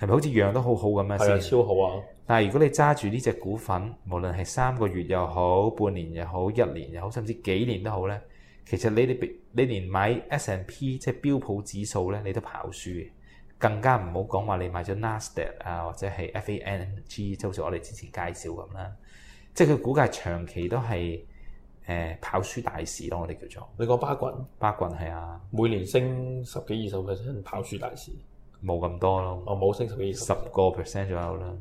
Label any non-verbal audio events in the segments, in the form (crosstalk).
係咪好似養得好好咁啊？係超好啊！但如果你揸住呢隻股份，無論係三個月又好、半年又好、一年又好，甚至幾年都好咧，其實你哋你，你連買 S&P 即係標普指數咧，你都跑輸嘅。更加唔好講話你買咗 Nasdaq 啊，或者係 FANG，即係好似我哋之前介紹咁啦，即係佢股價長期都係、呃、跑輸大市咯，我、啊、哋叫做你講巴郡？巴郡係啊，每年升十幾二十 percent 跑輸大市。嗯冇咁多咯，我冇、哦、升十個 percent，十個 percent 左右啦，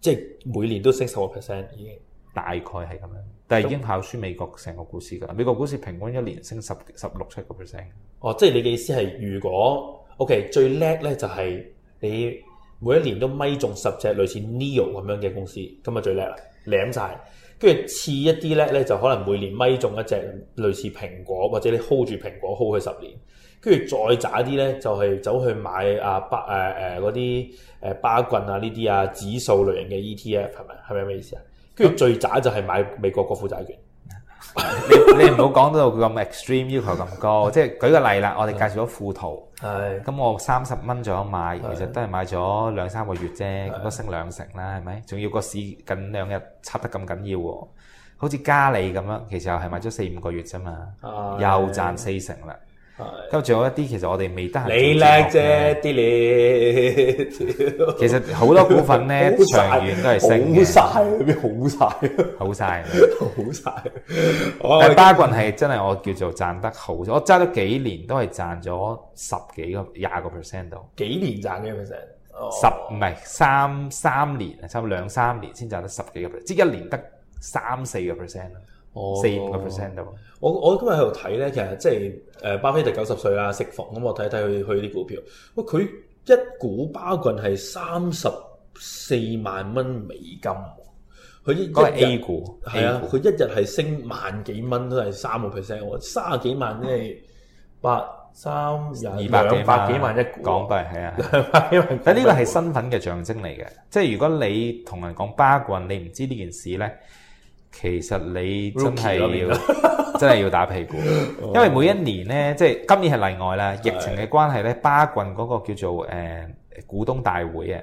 即係每年都升十個 percent 已經，大概係咁樣，但係已經跑輸美國成個股市噶啦。美國股市平均一年升十十六七個 percent。哦，即係你嘅意思係，如果 OK 最叻咧就係你每一年都咪中十隻類似 Neo 咁樣嘅公司，咁啊最叻啦，舐晒，跟住次一啲叻咧就可能每年咪中一隻類似蘋果或者你 hold 住蘋果 hold 佢十年。跟住再渣啲咧，就係走去買啊巴誒嗰啲誒巴棍啊呢啲啊指數類型嘅 ETF 係咪？係咪咩意思啊？跟住、嗯、最渣就係買美國國庫債券。你唔好講到佢咁 extreme 要求咁高，即係 (laughs) 舉個例啦。我哋介紹咗富途，咁是我三十蚊左右買，是其實都係買咗兩三個月啫，咁都是升兩成啦，係咪？仲要個市近兩日拆得咁緊要喎，好似加利咁樣，其實又係買咗四五個月啫嘛，又賺四成啦。跟住有一啲，其實我哋未得閒。你叻啫，啲你。其實好多股份咧，長遠都係升嘅。好曬，咩好曬？好曬，好曬。但係巴郡係真係我叫做賺得好，我揸咗幾年都係賺咗十幾個、廿個 percent 度。幾年賺幾 percent？十唔係三三年啊，差唔多兩三年先賺得十幾個 percent，即係一年得三四個 percent 啦。四五個 percent 我我今日喺度睇咧，其實即係誒巴菲特九十歲啦，食房咁我睇睇佢去啲股票。喂，佢一股巴郡係三十四萬蚊美金，佢一一日係升萬幾蚊都係三個 percent，我三十幾萬即係百三廿兩百幾萬一股港幣係啊，兩百幾，但呢個係身份嘅象徵嚟嘅，即係如果你同人講巴郡，你唔知呢件事咧。其實你真係要真係要打屁股，因為每一年呢，即係今年係例外啦。疫情嘅關係呢，是 巴郡嗰個叫做誒呃、股東大會啊，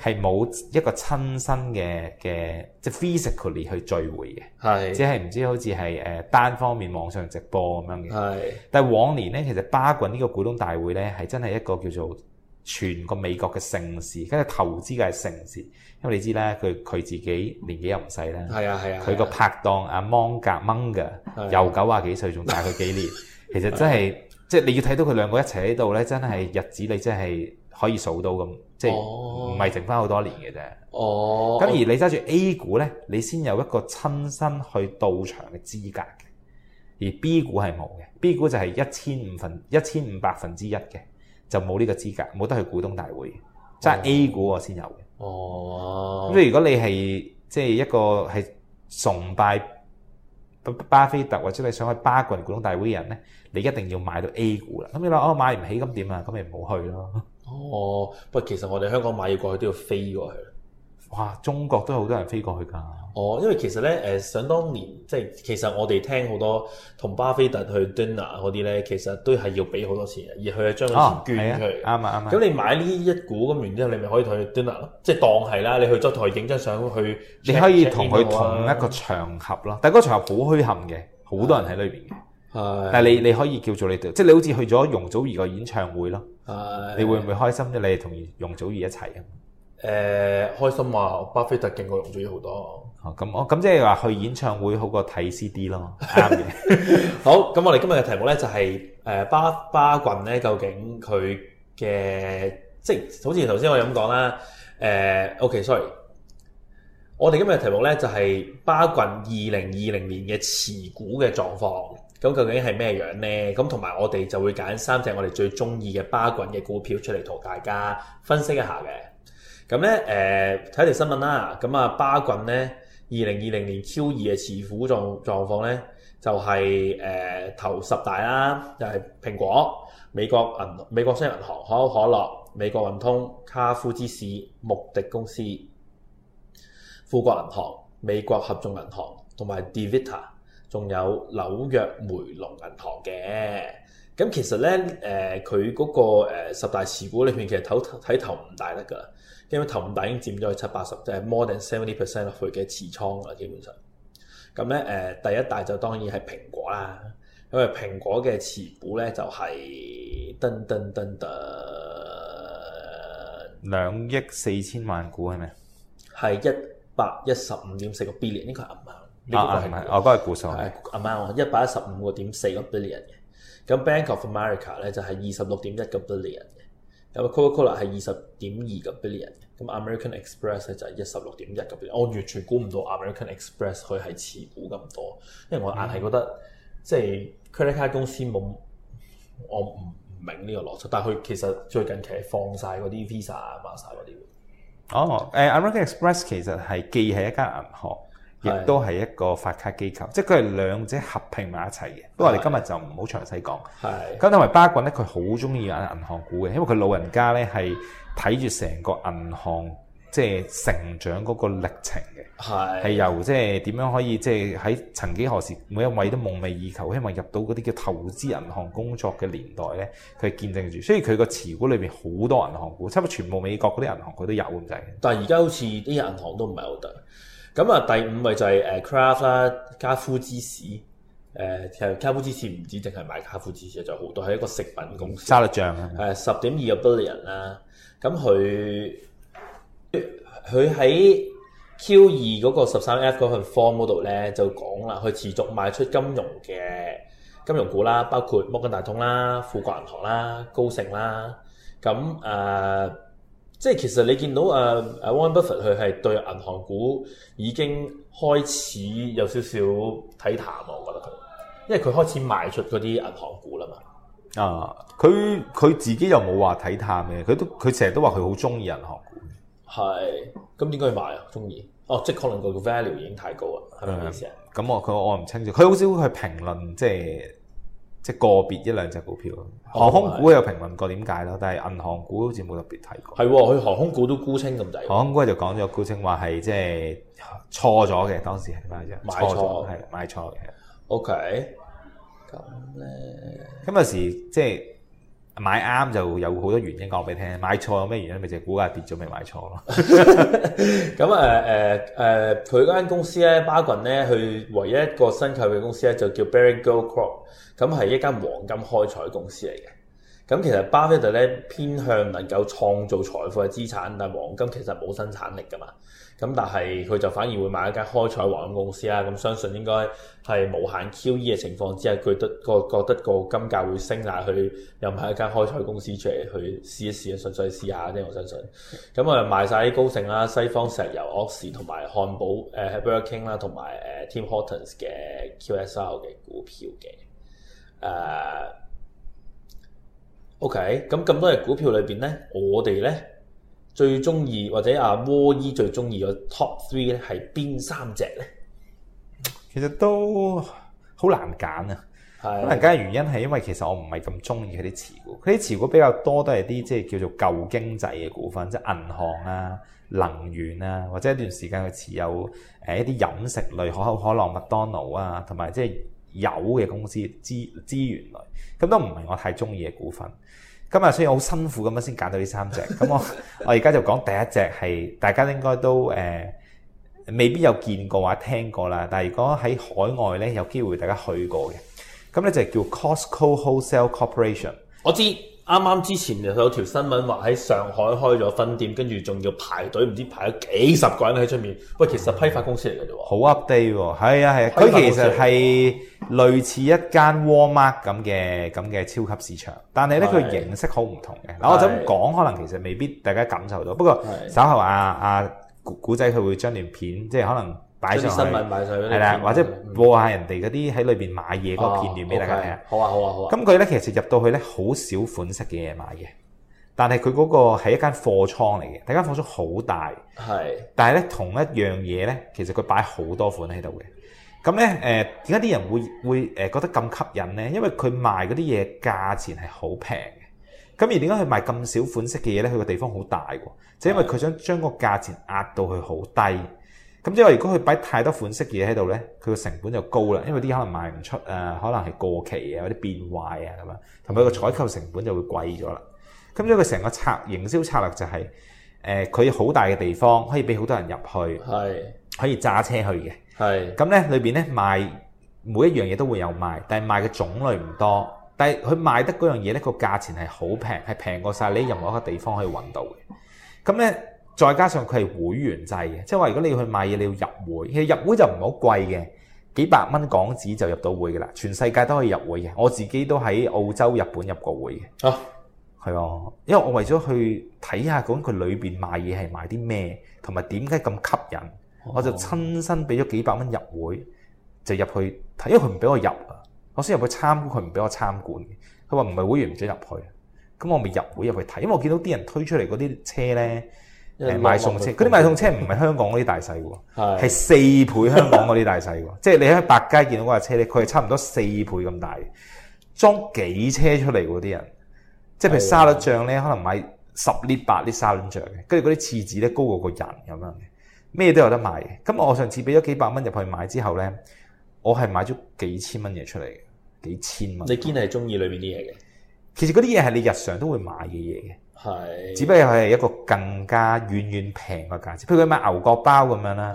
係冇是 一個親身嘅嘅，即係 physically 去聚會嘅，是 只係唔知好似係誒單方面網上直播咁樣嘅。是 但係往年呢，其實巴郡呢個股東大會呢，係真係一個叫做全個美國嘅盛事，跟住投資嘅盛事。因為你知咧，佢佢自己年紀又唔細啦，係啊係啊，佢個、啊啊、拍檔阿芒格芒格，又九啊幾歲，仲大佢幾年， (laughs) 其實真係即係你要睇到佢兩個一齊喺度咧，真係日子你真係可以數到咁，即係唔係剩翻好多年嘅啫。哦，咁而你揸住 A 股咧，你先有一個親身去到場嘅資格，而 B 股係冇嘅。B 股就係一千五分一千五百分之一嘅，就冇呢個資格，冇得去股東大會。即係 A 股我先有嘅，咁、哦啊、如果你係即係一個係崇拜巴菲特或者你想去巴郡股東大會嘅人咧，你一定要買到 A 股啦。咁你話我買唔起咁點啊？咁咪唔好去咯。哦，不過其實我哋香港買嘢過去都要飛過去。哇！中國都好多人飛過去㗎。哦，因為其實咧，誒，想當年即係其實我哋聽好多同巴菲特去 Dinner 嗰啲咧，其實都係要俾好多錢，而去係將嗰捐出去。啱、哦、啊啱咁、啊啊、你買呢一股咁然之後，你咪可以同佢 Dinner 咯，即係當係啦。你去咗台影張相去，你可以同佢同一個場合咯。嗯、但係嗰場合好墟冚嘅，好多人喺裏面嘅。的但你你可以叫做你哋，的即係你好似去咗容祖兒個演唱會咯。的你會唔會開心啲？你係同容祖兒一齊啊？誒、呃，開心話、啊、巴菲特勁過龍珠好多，咁咁即係話去演唱會好過睇 C D 咯，啱嘅 (laughs) 的。 (laughs) 好，咁我哋今日嘅題目呢，就係、是、誒、呃、巴巴郡呢。究竟佢嘅即係好似頭先我咁講啦。誒、呃、OK，sorry、OK。我哋今日嘅題目呢，就係、是、巴郡二零二零年嘅持股嘅狀況，咁究竟係咩樣呢？咁同埋我哋就會揀三隻我哋最鍾意嘅巴郡嘅股票出嚟同大家分析一下嘅。咁咧，誒睇條新聞啦。咁啊，巴郡咧，二零二零年 Q 二嘅持股狀狀況咧，就係、是、誒、呃、頭十大啦，就係、是、蘋果、美國銀、美國商業銀行、可口可樂、美國運通、卡夫芝士、穆迪公司、富國銀行、美國合眾銀行同埋 DaVita，仲有紐約梅隆銀行嘅。咁其實咧，誒佢嗰個十大持股裏面，其實睇頭唔大得噶。因為頭五大已經佔咗佢七八十，即係 more than seventy percent 落去嘅持倉啦，基本上。咁咧誒，第一大就當然係蘋果啦，因為蘋果嘅持股咧就係噔噔噔噔，兩億四千萬股係咪？係一百一十五點四個，ount、oh, 個 billion，呢個係 a m o u n 係，我嗰個係股數。係 a 一百一十五個點四個 billion 嘅。咁 Bank of America 咧就係二十六點一個 billion 有個 Coca-Cola 係二十點二個 billion 咁 American Express 咧就係一十六點一個 billion 我完全估唔到 American Express 佢係持股咁多，因為我硬係覺得、嗯、即係 Credit 卡公司冇。我唔唔明呢個邏輯，但係佢其實最近其實放晒啲 Visa 啊嘛，晒啲哦誒 American Express 其實係寄喺一間銀行亦都係一個發卡機構，即係佢係兩者合併埋一齊嘅。不過我哋今日就唔好詳細講。係咁是的，因為巴郡，咧，佢好中意玩銀行股嘅，因為佢老人家咧係睇住成個銀行即係成長嗰個歷程嘅。係係是的 由即係點樣可以即係喺曾幾何時，每一位都夢寐以求，希望入到嗰啲叫投資銀行工作嘅年代咧，佢係見證住。所以佢個持股裏面好多銀行股，差唔多全部美國嗰啲銀行佢都有咁滯。但係而家好似啲銀行都唔係好得。咁啊，第五位就係 Kraft 啦，卡夫芝士。誒其實卡夫芝士唔止淨係賣卡夫芝士，就好多係一個食品公司。沙律醬啊。誒十點二 Billion 啦。咁佢佢喺 Q 二嗰個十三 F 嗰份 Form 嗰度咧，就講啦，佢持續賣出金融嘅金融股啦，包括摩根大通啦、富國銀行啦、高盛啦。咁誒。呃即係其實你見到誒誒 Warren Buffett 佢係對銀行股已經開始有少少睇淡啊，我覺得佢，因為佢開始賣出嗰啲銀行股啦嘛。啊，佢佢自己又冇話睇淡嘅，佢都佢成日都話佢好鍾意銀行股是。係，咁點解要賣啊？鍾意？哦，即可能個 value 已經太高啦，係咪咁意思啊？咁、嗯嗯嗯嗯嗯嗯嗯、我佢我唔清楚，佢好少去評論即係。即係個別一兩隻股票咯，航空股有評論過點解咯。但係銀行股好似冇特別睇過。係喎，佢航空股都沽清咁滯。航空股就講咗沽清，話係即係錯咗嘅，當時買咗，買錯係買錯嘅。O K。咁咧，咁有時即係。就是買啱就有好多原因講俾你聽，買錯有咩原因？咪就估、係、股價跌咗咪買錯咯。咁啊誒誒，佢、呃、間、呃呃、公司咧，巴郡咧，佢唯一一個新購入嘅公司咧，就叫 Barrick Gold Corp，咁係一間黃金開採公司嚟嘅。咁其實巴菲特咧偏向能夠創造財富嘅資產，但係黃金其實冇生產力㗎嘛。咁但係佢就反而會買一間開採黃金公司啦。咁相信應該係無限 QE 嘅情況之下，佢得覺得個金價會升啦，佢又買一間開採公司出嚟，佢試一試啊，純粹試下啫。我相信。咁、嗯、我賣晒高盛啦、西方石油、OXY 同埋漢堡、誒 Burger King 啦，同埋誒 Tim Hortons 嘅 QSR 嘅股票嘅誒。呃 O K，咁咁多隻股票裏邊咧，我哋咧最中意或者阿摩伊最中意嘅 top three 咧係邊三隻咧？其實都好難揀啊！的可能揀嘅原因係因為其實我唔係咁中意佢啲持股，佢啲持股比較多都係啲即係叫做舊經濟嘅股份，即係銀行啊、能源啊，或者一段時間佢持有誒一啲飲食類可口可樂、麥當勞啊，同埋即係。有嘅公司資資源類，咁都唔係我太中意嘅股份。今日雖然好辛苦咁樣先揀到呢三隻，咁我我而家就講第一隻係大家應該都誒、呃、未必有見過或者聽過啦，但係如果喺海外咧有機會大家去過嘅，咁咧就叫 Costco Wholesale Corporation。我知。啱啱之前就有條新聞話喺上海開咗分店，跟住仲要排隊，唔知排咗幾十個人喺出面。不過其實批發公司嚟嘅啫喎。好 update 喎，係啊係啊，佢、啊、其實係類似一間 Walmart 咁嘅咁嘅超級市場，但係咧佢形式好唔同嘅。嗱，我就咁講，可能其實未必大家感受到，不過稍後啊，阿古仔佢會將段片，即係可能。新聞擺上啦，或者播下人哋嗰啲喺裏邊買嘢嗰個片段俾大家睇。哦、okay, 好啊，好啊，好啊！咁佢咧其實入到去咧好少款式嘅嘢買嘅，但係佢嗰個係一間貨倉嚟嘅，第間貨倉好大。係是的，但係咧同一樣嘢咧，其實佢擺好多款喺度嘅。咁咧誒，點解啲人會會誒覺得咁吸引咧？因為佢賣嗰啲嘢價錢係好平嘅。咁而點解佢賣咁少款式嘅嘢咧？佢個地方好大喎，就因為佢想將個價錢壓到去好低。咁即係如果佢擺太多款式嘅嘢喺度咧，佢個成本就高啦，因為啲可能賣唔出啊，可能係過期啊，有啲變壞啊咁啊，同埋個採購成本就會貴咗啦。咁所以佢成個策營銷策略就係、是，誒、呃，佢好大嘅地方可以俾好多人入去，係是 可以揸車去嘅，係。咁咧裏邊咧賣每一樣嘢都會有賣，但係賣嘅種類唔多，但係佢賣得嗰樣嘢咧個價錢係好平，係平過晒你任何一個地方可以揾到嘅。咁咧。再加上佢係會員制嘅，即係話如果你要去買嘢，你要入會。其實入會就唔係好貴嘅，幾百蚊港紙就入到會噶啦。全世界都可以入會嘅，我自己都喺澳洲、日本入過會嘅。啊，係啊，因為我為咗去睇下究竟佢裏面買嘢係買啲咩，同埋點解咁吸引，我就親身俾咗幾百蚊入會，就入去睇。因為佢唔俾我入啊，我先入去參觀，佢唔俾我參觀嘅。佢話唔係會員唔準入去，咁我咪入會入去睇。因為我見到啲人推出嚟嗰啲車咧。買餸車，嗰啲買餸車唔係香港嗰啲大細喎，係四 (laughs) 倍香港嗰啲大細㗎， (laughs) 即係你喺百佳見到嗰架車咧，佢係差唔多四倍咁大的，裝幾車出嚟嗰啲人，即係譬如沙律醬咧，可能買十 lift 八 lift 沙律醬，跟住嗰啲廁紙咧，高過個人咁樣嘅，咩都有得賣。咁我上次俾咗幾百蚊入去買之後咧，我係買咗幾千蚊嘢，出嚟幾千蚊。你堅係中意裏邊啲嘢嘅，其實嗰啲嘢係你日常都會買嘅嘢嘅。係，是只不過係一個更加遠遠平嘅價錢，譬如佢賣牛角包咁樣啦，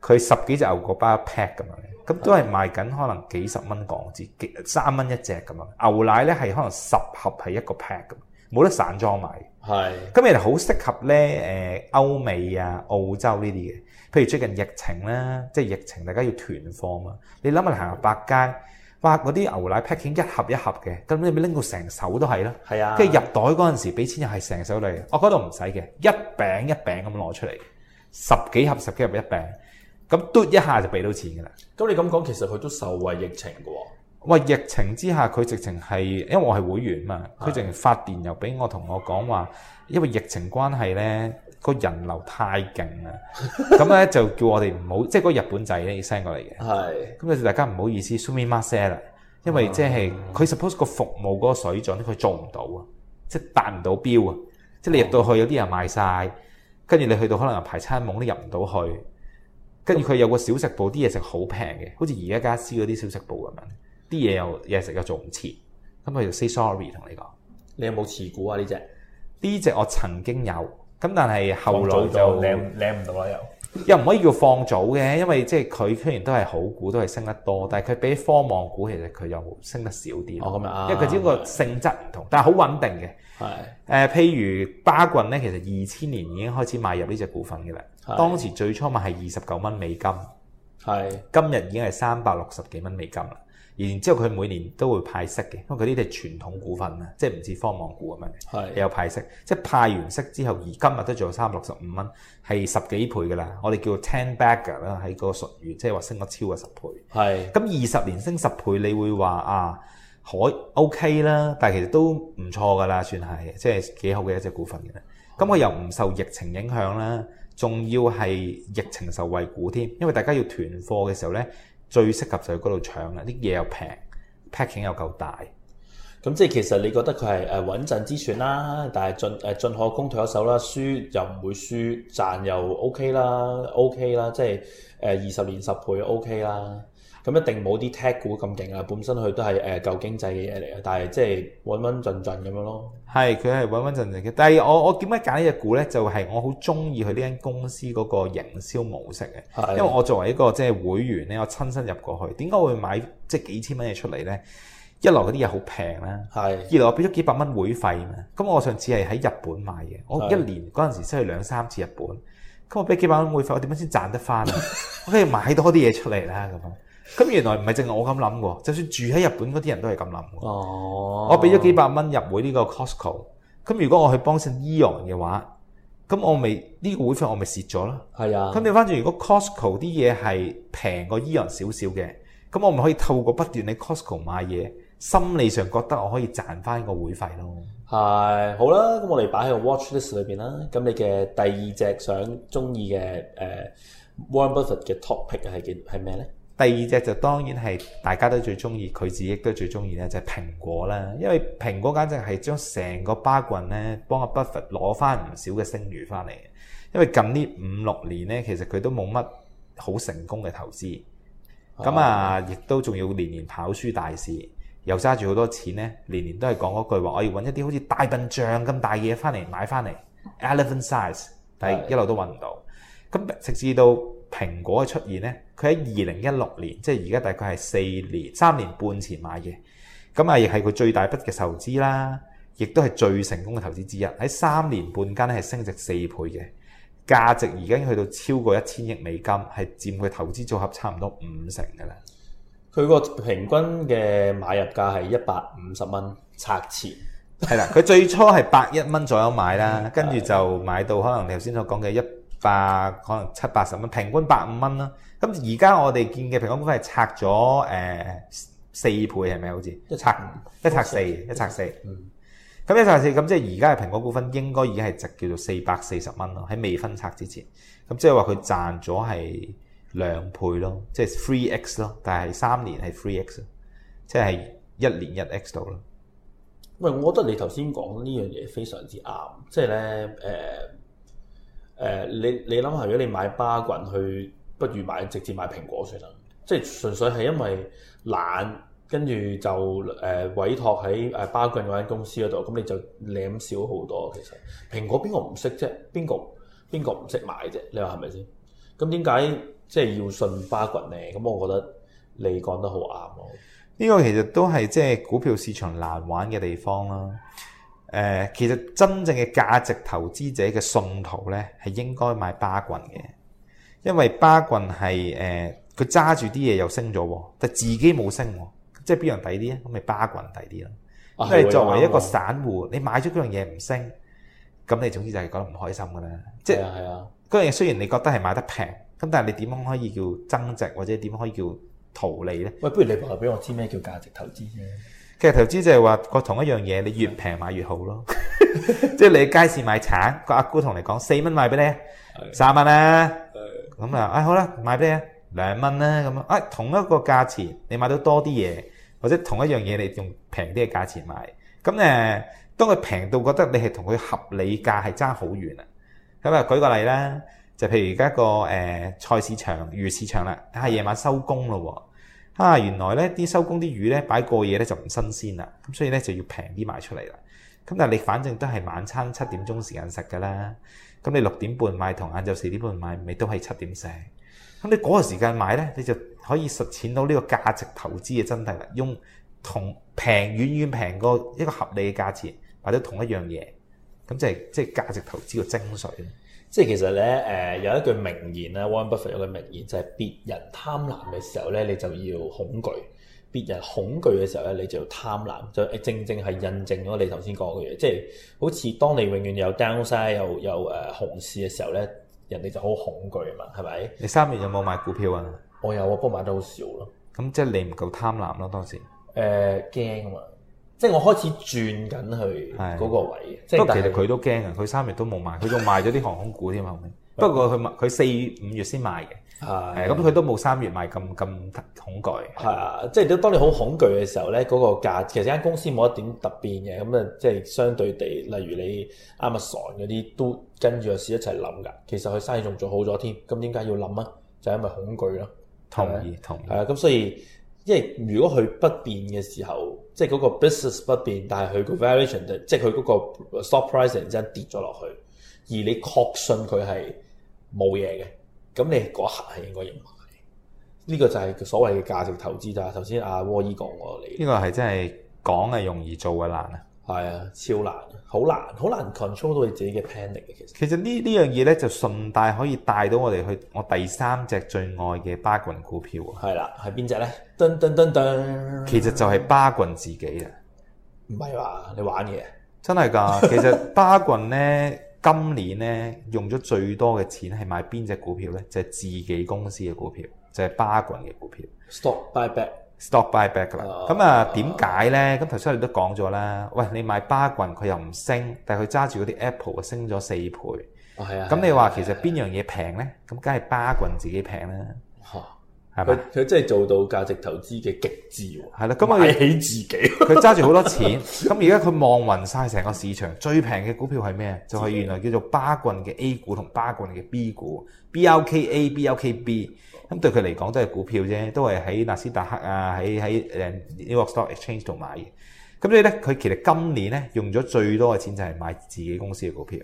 佢是十幾隻牛角包一 pack 咁樣，咁都係賣緊可能幾十蚊港紙，三蚊一隻咁樣。牛奶咧係可能十盒係一個 pack 咁，冇得散裝買嘅。咁其實好適合咧，誒歐美啊、澳洲呢啲嘅，譬如最近疫情啦，即係疫情大家要囤貨嘛，你諗下，行下百佳。發嗰啲牛奶 packing 一盒一盒嘅，咁你咪拎到成手都係啦。係是啊，跟住入袋嗰陣時俾錢又係成手嚟。我嗰度唔使嘅，一餅一餅咁攞出嚟，十幾盒十幾盒一餅，咁嘟一下就俾到錢㗎啦。咁你咁講，其實佢都受惠疫情㗎喎。喂，疫情之下佢直情係，因為我係會員嘛，佢直情發電郵俾我同我講話，因為疫情關係咧。個人流太勁啦，咁咧 (laughs) 就叫我哋唔好，即係嗰個日本仔咧 send 過嚟嘅。係是，咁就大家唔好意思，so many mistakes 啦，因為即係佢、嗯、suppose 個服務嗰個水準，佢做唔到啊，即係達唔到標啊，即係你入到去有啲人賣晒，跟住、嗯、你去到可能排餐懵都入唔到去，跟住佢有個小食部啲嘢食好平嘅，好似而家家私嗰啲小食部咁樣，啲嘢又嘢食又做唔切，咁佢就 say sorry 同你講，你有冇持股啊呢隻？呢隻我曾經有。咁但係後來就領唔到啦又，又唔可以叫放早嘅，因為即係佢雖然都係好股，都係升得多，但係佢比科網股其實佢又升得少啲。哦咁啊，因為佢只個性質唔同，但係好穩定嘅。係、呃、譬如巴郡咧，其實二千年已經開始買入呢隻股份嘅啦。當時最初買係二十九蚊美金，係今日已經係三百六十幾蚊美金啦。然之後佢每年都會派息嘅，因為佢呢啲係傳統股份啊，即係唔似科網股咁樣，是有派息。即係派完息之後，而今日都仲有三百六十五蚊，係十幾倍噶啦。我哋叫 ten bagger 啦，喺個純元即係話升咗超過十倍。係咁二十年升十倍，你會話啊可 OK 啦？但其實都唔錯噶啦，算係即係幾好嘅一隻股份嘅。咁佢是又唔受疫情影響啦，仲要係疫情受惠股添，因為大家要囤貨嘅時候咧。最適合就去嗰度搶啦，啲嘢又平，packing 又夠大。咁即係其實你覺得佢係誒穩陣之選啦，但係進誒進可攻退一手啦，輸又唔會輸，賺又 OK 啦，OK 啦，即係二十年十倍就 OK 啦。咁一定冇啲 Tech 股咁勁啦，本身佢都係誒舊經濟嘅嘢嚟嘅，但係即係穩穩陣陣咁樣咯。係，佢係穩穩陣陣嘅。但係我我點解揀呢隻股咧？就係、是、我好中意佢呢間公司嗰個營銷模式嘅。因為我作為一個即係會員咧，我親身入過去，點解會買即係幾千蚊嘢出嚟咧？一來嗰啲嘢好平啦，係是。二來我俾咗幾百蚊會費嘛。咁我上次係喺日本買嘢，我一年嗰陣時先去兩三次日本。咁我俾幾百蚊會費，我點樣先賺得翻啊？ (laughs) 我都要買多啲嘢出嚟啦，咁樣。咁原來唔係淨係我咁諗喎，就算住喺日本嗰啲人都係咁諗。哦，我俾咗幾百蚊入會呢個 Costco，咁如果我去幫襯 Eon 嘅話，咁我咪呢個會費我咪蝕咗咯。係啊，咁你翻轉，如果 Costco 啲嘢係平過 Eon 少少嘅，咁我咪可以透過不斷喺 Costco 買嘢，心理上覺得我可以賺翻個會費咯。係好啦，咁我哋擺喺個 Watchlist 裏面啦。咁你嘅第二隻想中意嘅誒 Warren Buffett 嘅 topic 係咩咧？第二隻就當然係大家都最中意，佢自己都最中意咧，就係蘋果啦。因為蘋果簡直係將成個巴郡咧，幫阿 Buffett 攞翻唔少嘅聲譽翻嚟。因為近呢五六年咧，其實佢都冇乜好成功嘅投資。咁啊，亦、啊、都仲要年年跑輸大市，又揸住好多錢咧，年年都係講嗰句話：我要揾一啲好似大笨象咁大嘢翻嚟買翻嚟。Elephant size，但係是一路都揾唔到。咁直至到。蘋果嘅出現呢，佢喺二零一六年，即係而家大概係四年三年半前買嘅，咁啊亦係佢最大筆嘅投資啦，亦都係最成功嘅投資之一。喺三年半間咧，係升值四倍嘅，價值已經去到超過一千億美金，係佔佢投資組合差唔多五成噶啦。佢個平均嘅買入價係一百五十蚊拆前，係 (laughs) 啦，佢最初係百一蚊左右買啦，跟住就買到可能你頭先所講嘅一。百可能七八十蚊，平均百五蚊啦。咁而家我哋見嘅蘋果股份係拆咗誒、呃、四倍，係咪一好似像？一拆一拆四，一拆四。嗯。咁一拆四，咁即係而家嘅蘋果股份應該已經係值叫做四百四十蚊咯，喺未分拆之前。咁即係話佢賺咗係兩倍咯，即係 three x 咯。但係三年係 three x，即係一年一 x 度啦。喂，我覺得你頭先講呢樣嘢非常之啱，即係咧誒。呃誒、呃，你你諗下，如果你買巴郡去，不如買直接買蘋果算啦。即係純粹係因為懶，跟住就誒委託喺誒巴郡嗰間公司嗰度，咁你就舐少好多。其實蘋果邊個唔識啫？邊個邊個唔識買啫？你話係咪先？咁點解即係要信巴郡咧？咁我覺得你講得好啱咯。呢個其實都係即係股票市場難玩嘅地方啦、啊。誒、呃，其實真正嘅價值投資者嘅信徒咧，係應該買巴郡嘅，因為巴郡係誒佢揸住啲嘢又升咗，但自己冇升，即係邊樣抵啲啊？咁咪巴郡抵啲咯。因為你作為一個散戶，你買咗嗰樣嘢唔升，咁你總之就係覺得唔開心噶啦。啊啊啊、即係嗰樣嘢雖然你覺得係買得平，咁但係你點樣可以叫增值，或者點樣可以叫圖利咧？喂，不如你話俾我知咩叫價值投資啫。其實投資就係話個同一樣嘢，你越平買越好咯。即係對 (laughs) 你街市買橙，個阿姑同你講四蚊賣俾你，三蚊啦。咁啊，唉、哎、好啦，買俾你兩蚊啦。咁啊、哎，同一個價錢，你買到多啲嘢，或者同一樣嘢你用平啲嘅價錢買。咁誒，當佢平到覺得你係同佢合理價係爭好遠啊。咁啊，舉個例啦，就譬如而家、個誒、呃、菜市場、魚市場啦，係、啊、夜晚收工咯。啊，原來咧啲收工啲魚咧擺過夜咧就唔新鮮啦，咁所以咧就要平啲賣出嚟啦。咁但係你反正都係晚餐七點鐘時間食㗎啦，咁你六點半買同晏晝四點半買，咪都係七點食。咁你嗰個時間買咧，你就可以實踐到呢個價值投資嘅真諦啦。用同平遠遠平過一個合理嘅價錢，或者同一樣嘢，咁就係即係價值投資嘅精髓。即係其實咧，誒、呃、有一句名言咧，Warren Buffett 有句名言就係、是：別人貪婪嘅時候咧，你就要恐懼；別人恐懼嘅時候咧，你就要貪婪。就正正係印證咗你頭先講嘅嘢。即係好似當你永遠有 downside 又又誒熊市嘅時候咧，人哋就好恐懼啊嘛，係咪？你三月有冇買股票啊？我有啊，不過買得好少咯。咁即係你唔夠貪婪咯，當時。誒驚啊嘛！即係我開始轉緊去嗰個位，是的即過其實佢都驚嘅，佢三月都冇賣，佢仲賣咗啲航空股添後尾。 (laughs) 不過佢佢四五月先賣嘅，咁佢都冇三月賣咁咁恐懼。啊的，即係當你好恐懼嘅時候咧，嗰、嗰個價其實間公司冇一點突變嘅，咁誒即係相對地，例如你 Amazon 嗰啲都跟住個市一齊諗㗎。其實佢生意仲做好咗添，咁點解要諗啊？就係、是、因為恐懼咯。同意同意。啊的，咁意所以。即係如果佢不變嘅時候，即係嗰個 business 不變但係佢個 valuation 即係佢嗰個 stock price 突然之間跌咗落去，而你確信佢係冇嘢嘅，咁你嗰一刻係應該要買。呢、這個就係所謂嘅價值投資就係。頭先阿 Warie 講過，呢個係真係講係容易做嘅難啊。係啊，超難，好難，好難 control 到你自己嘅 plan 嚟嘅，其實其實呢呢樣嘢咧，就順帶可以帶到我哋去我第三隻最愛嘅巴郡股票啊。係啦，係邊隻咧？噔噔噔噔，其實就係巴郡自己啊！唔係話你玩嘢。真係㗎。其實巴郡咧， (laughs) 今年咧用咗最多嘅錢係買邊隻股票咧？就係、係、自己公司嘅股票，就係巴郡嘅股票。Stock buy back。Stock buyback 啦，咁啊點解咧？咁頭先你都講咗啦。喂，你買巴郡，佢又唔升，但係佢揸住嗰啲 Apple 啊升咗四倍。啊係啊，咁、啊、你話其實邊樣嘢平咧？咁梗係巴郡自己平啦。嚇係咪？佢佢真係做到價值投資嘅極致喎。係咁啊起自己。佢揸住好多錢，咁而家佢望暈晒成個市場。最平嘅股票係咩？就係、是、原來叫做巴郡嘅 A 股同巴郡嘅 B 股，BRKA、BRKB。咁對佢嚟講都係股票啫，都係喺納斯達克啊，喺喺誒 New York Stock Exchange 度買嘅。咁所以咧，佢其實今年咧用咗最多嘅錢就係買自己公司嘅股票。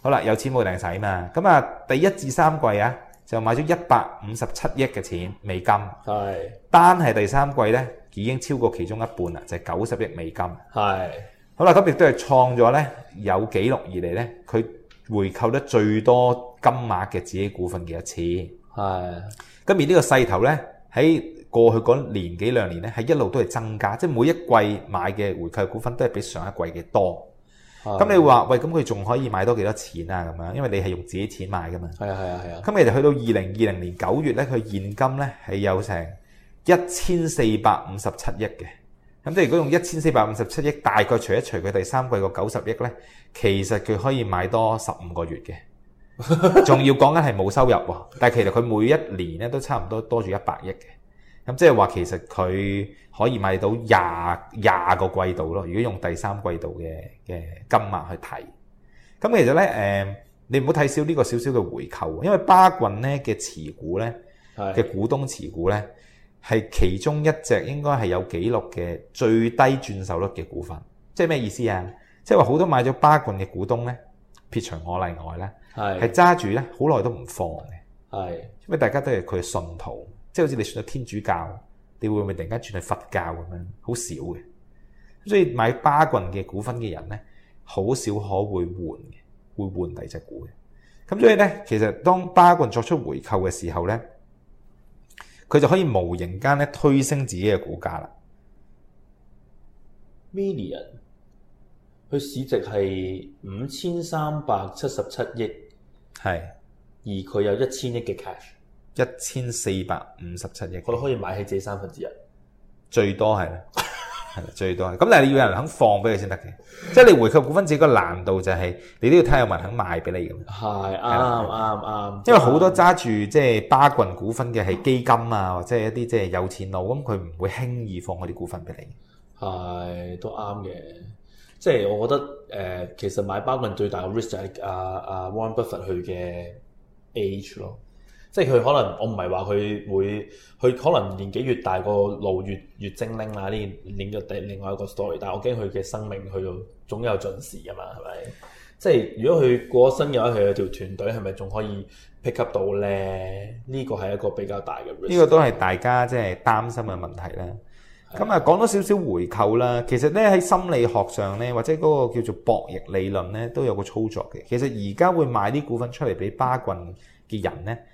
好啦，有錢冇定使嘛？咁啊，第一至三季啊，就買咗一百五十七億嘅錢美金。係是。單係第三季咧，已經超過其中一半啦，就九十億美金。係是。好啦，咁亦都係創咗咧，有記錄以嚟咧，佢回購得最多金額嘅自己股份嘅一次。係，咁而呢個勢頭咧，喺過去嗰年幾兩年咧，係一路都係增加，即係每一季買嘅回購股份都係比上一季嘅多。咁的你話喂，咁佢仲可以買多幾多錢啊？咁樣，因為你係用自己錢買噶嘛。係啊係啊係啊。咁其實去到二零二零年九月咧，佢現金咧係有成一千四百五十七億嘅。咁即係如果用一千四百五十七億，大概除一除佢第三季個九十億咧，其實佢可以買多十五個月嘅。仲 (laughs) 要講緊係冇收入喎，但其實佢每一年咧都差唔多多住一百億嘅，咁即係話其實佢可以賣到廿廿個季度咯。如果用第三季度嘅嘅金額去睇，咁其實咧誒、嗯，你唔好睇少呢個少少嘅回購喎，因為巴郡咧嘅持股咧嘅是的 股東持股咧係其中一隻應該係有紀錄嘅最低轉手率嘅股份，即係咩意思啊？即係話好多買咗巴郡嘅股東咧，撇除我例外咧。係，係揸住咧，好耐都唔放嘅。係的，因為大家都係佢嘅信徒，即係好似你信咗天主教，你會唔會突然間轉去佛教咁樣？好少嘅，所以買巴郡嘅股份嘅人咧，好少可會換，會換第二隻股嘅。咁所以咧，其實當巴郡作出回購嘅時候咧，佢就可以無形間咧推升自己嘅股價啦。Million，佢市值係五千三百七十七億。係，是而佢有一千億嘅 cash，一千四百五十七億，我都可以買起自己三分之一，最多係，係 (laughs) 最多，咁但係你要有人肯放俾佢先得嘅，即係 (laughs) 你回購股份，自己個難度就係、是、你都要睇下有冇人肯賣俾你咁。係 (laughs) 的，啱啱啱。因為好多揸住即係巴郡股份嘅係基金啊，或者係一啲即係有錢佬，咁佢唔會輕易放佢啲股份俾你。係，都啱嘅。即係我覺得誒、呃，其實買巴郡最大嘅 risk 就係阿阿 Warren Buffett 佢嘅 age 咯，即係佢可能我唔係話佢會，佢可能年紀越大個路越越，越精靈啦、啊，呢連咗第另外一個 story，但係我驚佢嘅生命去到總有盡時啊嘛，係咪？即係如果佢過咗身嘅話，佢有條團隊係咪仲可以 pick up 到咧？呢個係一個比較大嘅 risk。呢個都係大家即係擔心嘅問題咧。咁啊，講多少少回購啦。其實咧喺心理學上咧，或者嗰個叫做博弈理論咧，都有個操作嘅。其實而家會賣啲股份出嚟俾巴郡嘅人咧，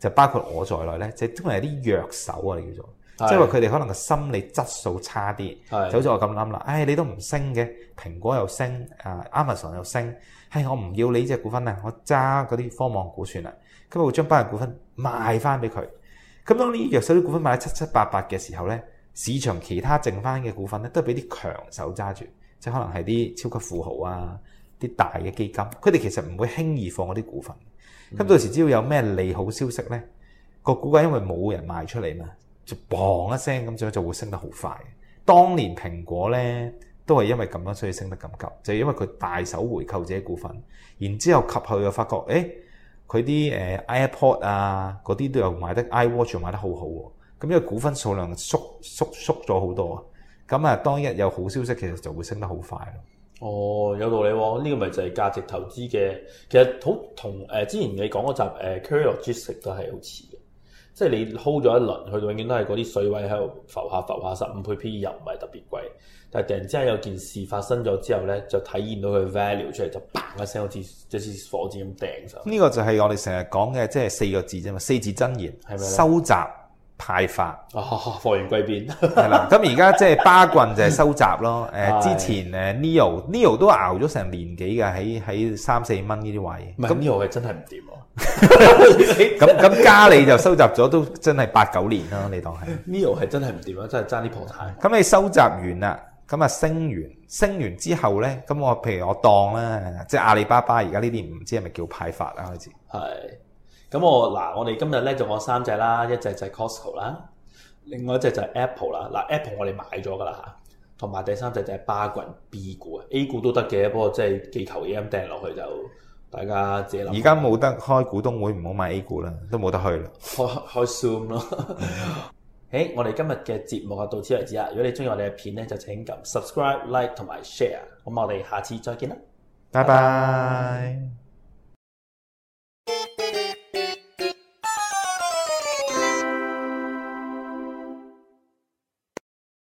就包括我在內咧，就因、是、常有啲弱手啊，你叫做，即係話佢哋可能個心理質素差啲，是就好似我咁諗啦。唉、哎，你都唔升嘅，蘋果又升，啊，Amazon 又升，唉、哎，我唔要你隻股份啊，我揸嗰啲科網股算啦。咁我會將巴郡嘅股份賣翻俾佢。咁當呢啲弱手啲股份賣得七七八八嘅時候咧。市場其他剩翻嘅股份咧，都係俾啲強手揸住，即可能係啲超級富豪啊，啲大嘅基金，佢哋其實唔會輕易放嗰啲股份。咁到時只要有咩利好消息咧，個股價因為冇人賣出嚟嘛，就 bang 一聲咁樣，所以就會升得好快。當年蘋果咧都係因為咁樣，所以升得咁急，就因為佢大手回購自己股份，然之後及後又發覺，誒、欸、佢啲 AirPod 啊嗰啲都有賣得，iWatch 賣得好好、啊、喎。咁呢個股分數量縮縮縮咗好多啊，咁啊當日有好消息，其實就會升得好快咯。哦，有道理喎、哦，呢、呢個咪就係價值投資嘅，其實好同誒之前你講嗰集誒 Carlo、呃、s i c 都係好似嘅，即係你 hold 咗一輪，佢永遠都係嗰啲水位喺度浮下浮下，十五倍 P E 又唔係特別貴，但係突然之間有件事發生咗之後咧，就體現到佢 value 出嚟，就砰一聲好似即似火箭咁掟上。呢個就係我哋成日講嘅，即係四個字啫嘛，四字真言係咪？收集。派發，貨、哦、源歸邊，係 (laughs) 啦。咁而家即係巴郡就係收集咯。誒之前誒 Neo，Neo 都熬咗成年幾㗎，喺喺三四蚊呢啲位。唔是那 Neo 係真係唔掂。咁 (laughs) 咁加利就收集咗都真係八九年啦。你當係 Neo 係真係唔掂啊，真係爭啲破產。咁你收集完啦，咁啊升完，升完之後咧，咁我譬如我當啦，即、就、係、是、阿里巴巴而家呢啲唔知係咪叫派發啦開始咁我嗱，我哋今日咧就講三隻啦，一隻就 Costco 啦，另外一隻就 Apple 啦。嗱，Apple 我哋買咗噶啦吓同埋第三隻就係巴郡 B 股啊，A 股都得嘅，不過即係幾球 em 掟落去就大家自己諗。而家冇得開股東會，唔好買 A 股啦，都冇得去啦。開開 Zoom 咯。誒、 (laughs) (laughs) 欸，我哋今日嘅節目啊，到此為止啦。如果你中意我哋嘅片咧，就請撳 subscribe、like,、like 同埋 share。咁我哋下次再見啦，bye bye 拜拜。